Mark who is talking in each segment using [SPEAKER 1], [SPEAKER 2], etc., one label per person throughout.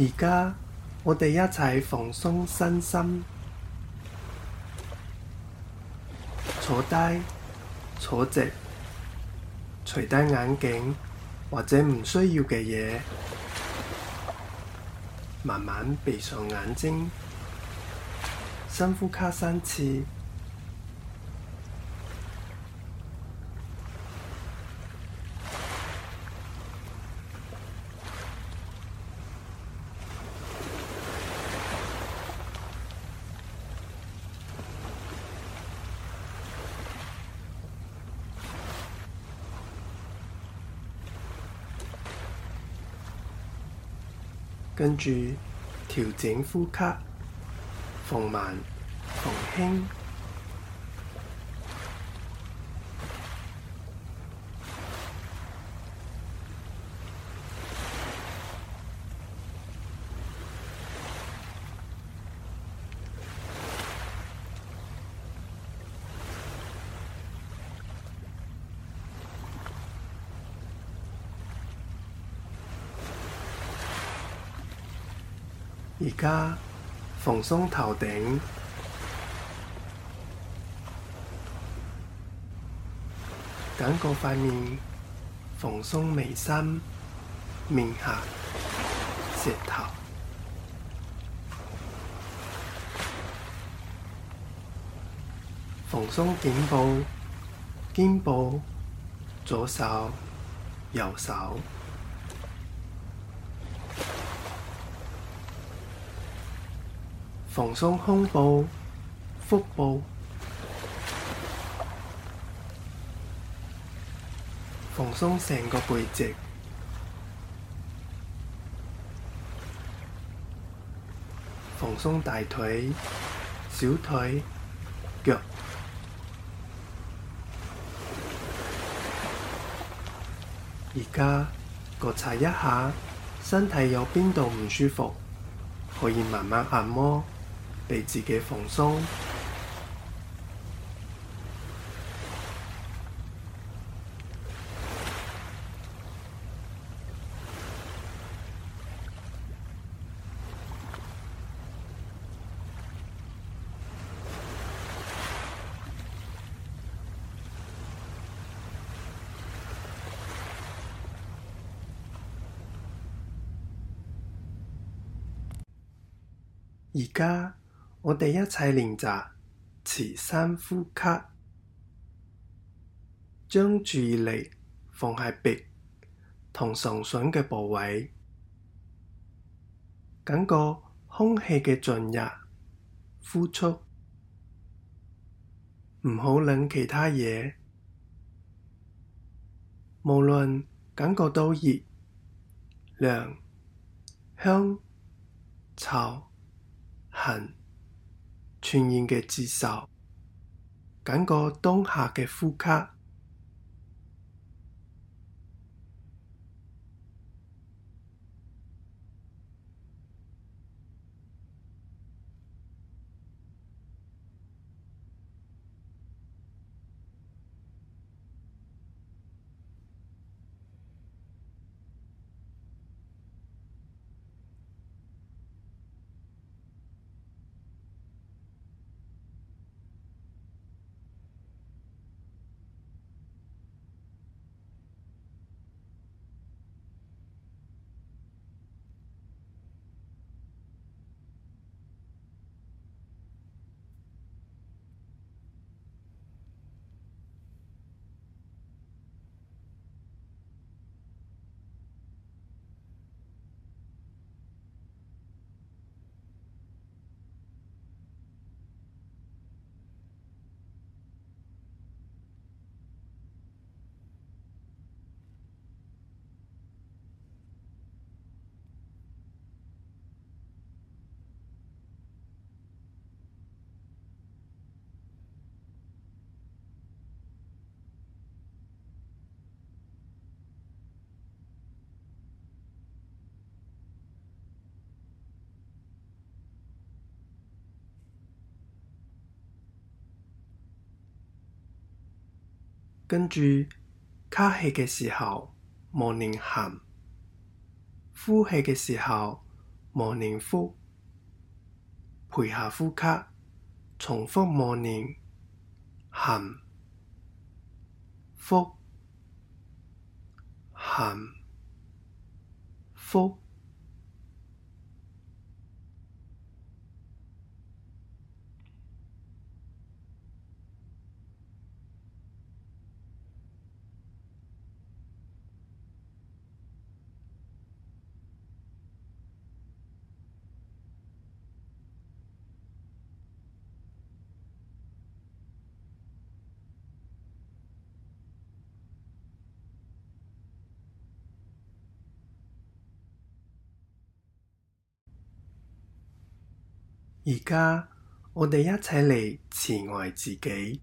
[SPEAKER 1] 而家我哋一齊放鬆身心，坐低坐直，除低眼鏡或者唔需要嘅嘢，慢慢閉上眼睛，深呼吸三次。跟住調整呼吸，放慢，放輕。而家放鬆頭頂，緊過塊面，放鬆眉心、面頰、舌頭，放鬆頸部、肩部、左手、右手。放鬆胸部、腹部，放鬆成個背脊，放鬆大腿、小腿、腳。而家覺察一下身體有邊度唔舒服，可以慢慢按摩。畀自己放鬆，而家。我哋一齊練習持山呼吸，將注意力放喺鼻同唇唇嘅部位，感覺空氣嘅進入、呼出，唔好諗其他嘢。無論感覺到熱、涼、香、臭、痕。全然嘅接受，感覺當下嘅呼吸。跟住吸氣嘅時候，默念含；呼氣嘅時候，默念呼。陪下呼吸，重複默念含、呼、含、呼。而家我哋一齊嚟慈愛自己，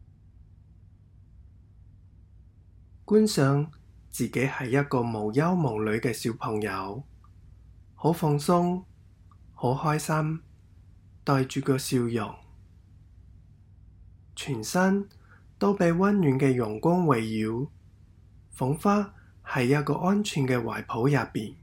[SPEAKER 1] 觀賞自己係一個無憂無慮嘅小朋友，好放鬆，好開心，帶住個笑容，全身都被溫暖嘅陽光圍繞，仿佛係一個安全嘅懷抱入邊。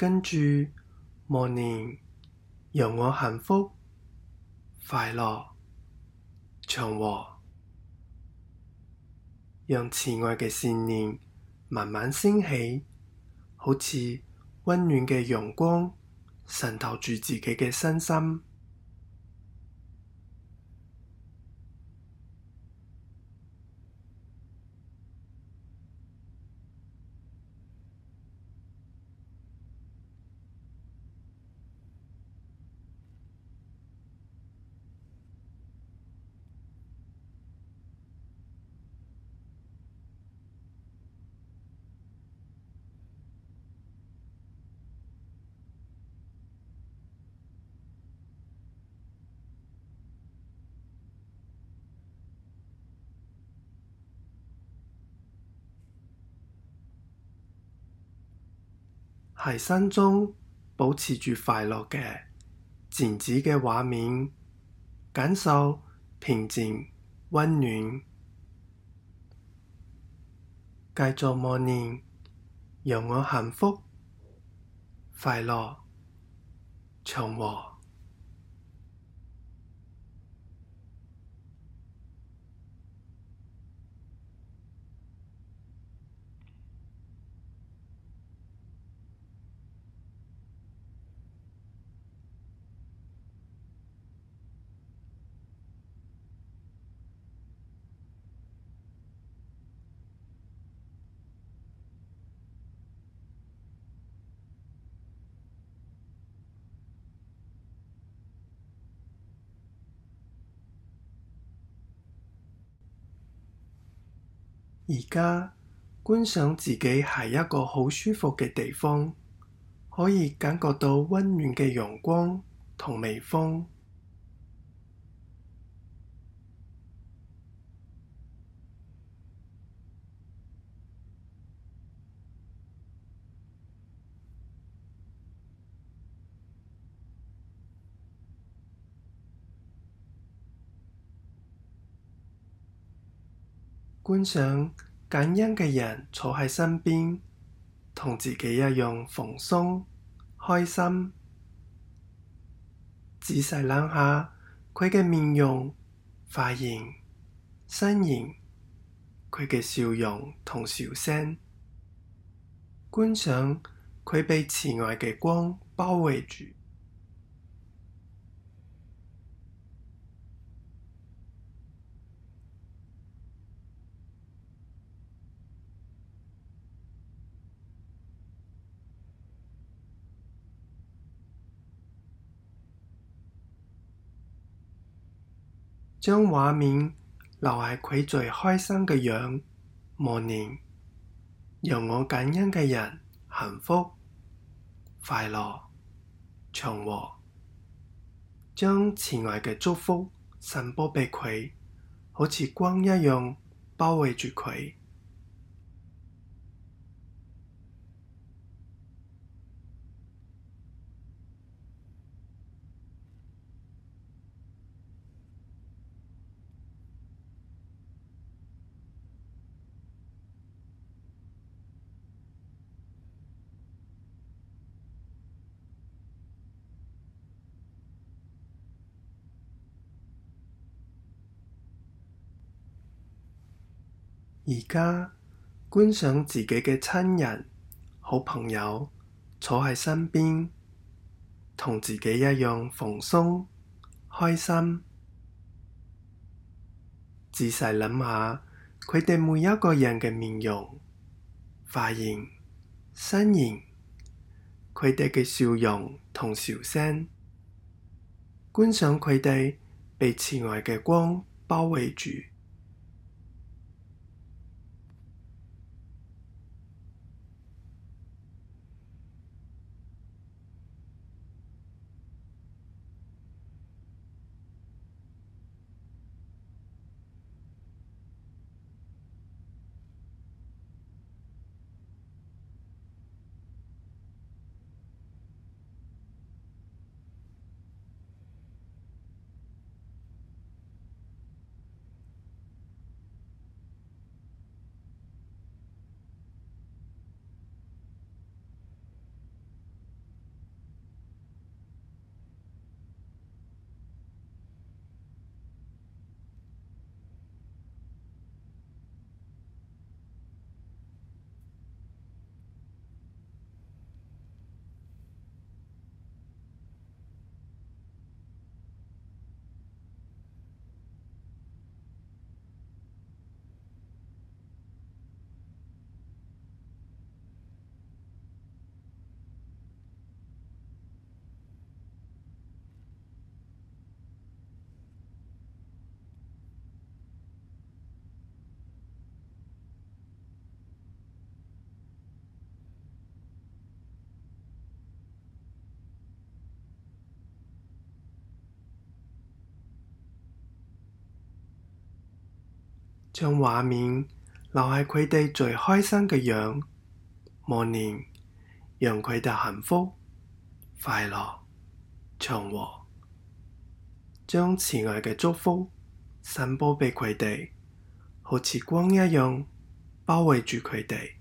[SPEAKER 1] 跟住默念，讓我幸福、快樂、祥和，讓慈愛嘅善念慢慢升起，好似溫暖嘅陽光，滲透住自己嘅身心。喺心中保持住快樂嘅靜止嘅畫面，感受平靜、溫暖，繼續默念，讓我幸福、快樂、祥和。而家觀賞自己係一個好舒服嘅地方，可以感覺到溫暖嘅陽光同微風。觀想感恩嘅人坐喺身邊，同自己一樣放鬆開心。仔細諗下佢嘅面容、髮型、身形，佢嘅笑容同笑聲。觀想佢被慈愛嘅光包圍住。將畫面留喺佢最開心嘅樣，默念，讓我感恩嘅人幸福、快樂、祥和，將慈愛嘅祝福散播畀佢，好似光一樣包圍住佢。而家觀賞自己嘅親人、好朋友坐喺身邊，同自己一樣放鬆、開心。仔細諗下，佢哋每一個人嘅面容、髮型、身形，佢哋嘅笑容同笑聲。觀賞佢哋被慈愛嘅光包圍住。將畫面留喺佢哋最開心嘅樣，默念讓佢哋幸福、快樂、祥和，將慈愛嘅祝福散播畀佢哋，好似光一樣包圍住佢哋。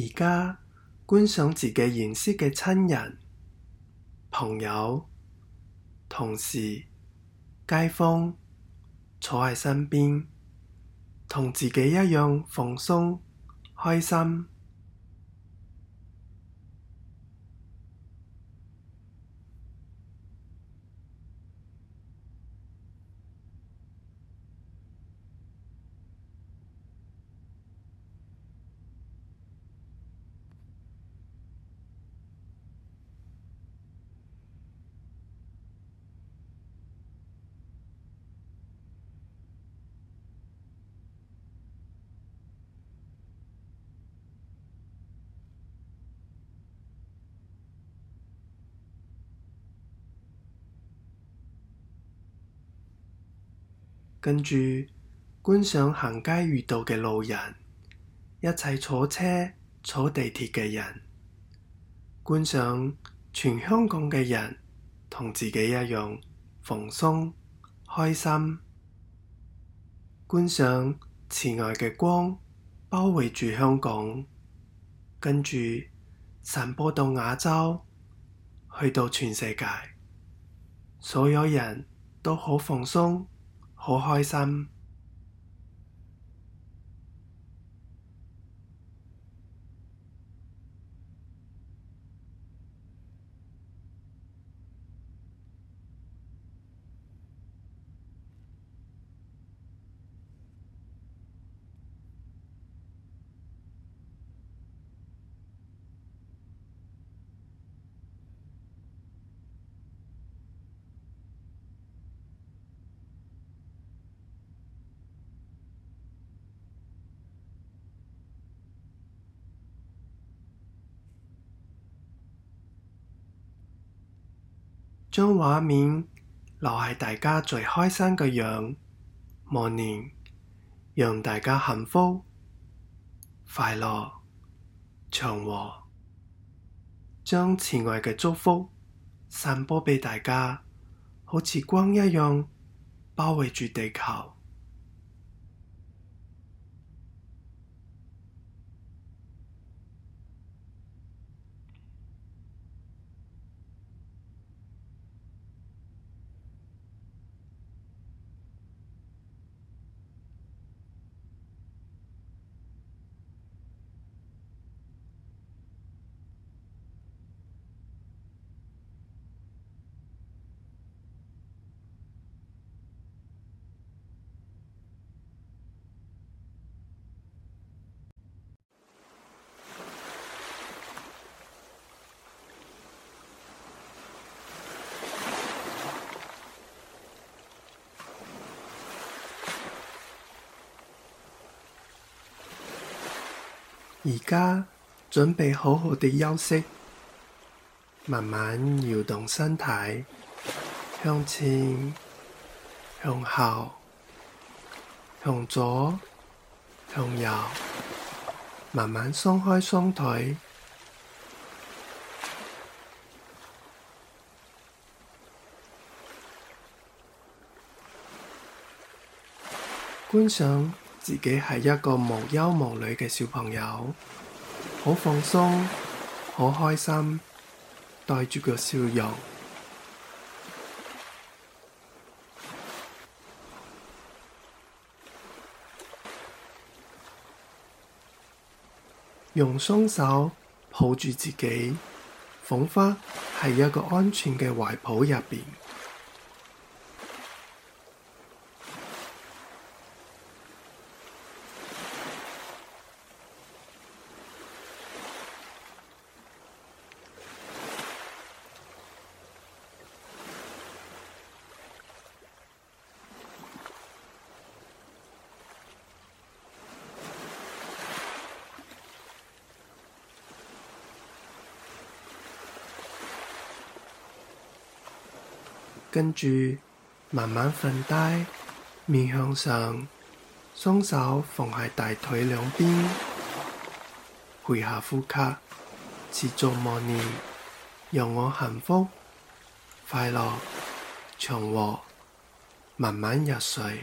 [SPEAKER 1] 而家觀賞自己認識嘅親人、朋友、同事、街坊坐喺身邊，同自己一樣放鬆、開心。跟住觀想行街遇到嘅路人，一齊坐車、坐地鐵嘅人，觀想全香港嘅人同自己一樣放鬆開心。觀想慈愛嘅光包圍住香港，跟住散播到亞洲，去到全世界，所有人都好放鬆。好開心。將畫面留喺大家最開心嘅樣，望年讓大家幸福、快樂、祥和，將慈愛嘅祝福散播畀大家，好似光一樣包圍住地球。而家準備好好地休息，慢慢搖動身體，向前、向後、向左、向右，慢慢鬆開雙腿，觀賞。自己係一個無憂無慮嘅小朋友，好放鬆，好開心，帶住個笑容，用雙手抱住自己，仿佛係一個安全嘅懷抱入邊。跟住慢慢瞓低，面向上，雙手放喺大腿兩邊，配合呼吸，持續默念，讓我幸福、快樂、祥和，慢慢入睡。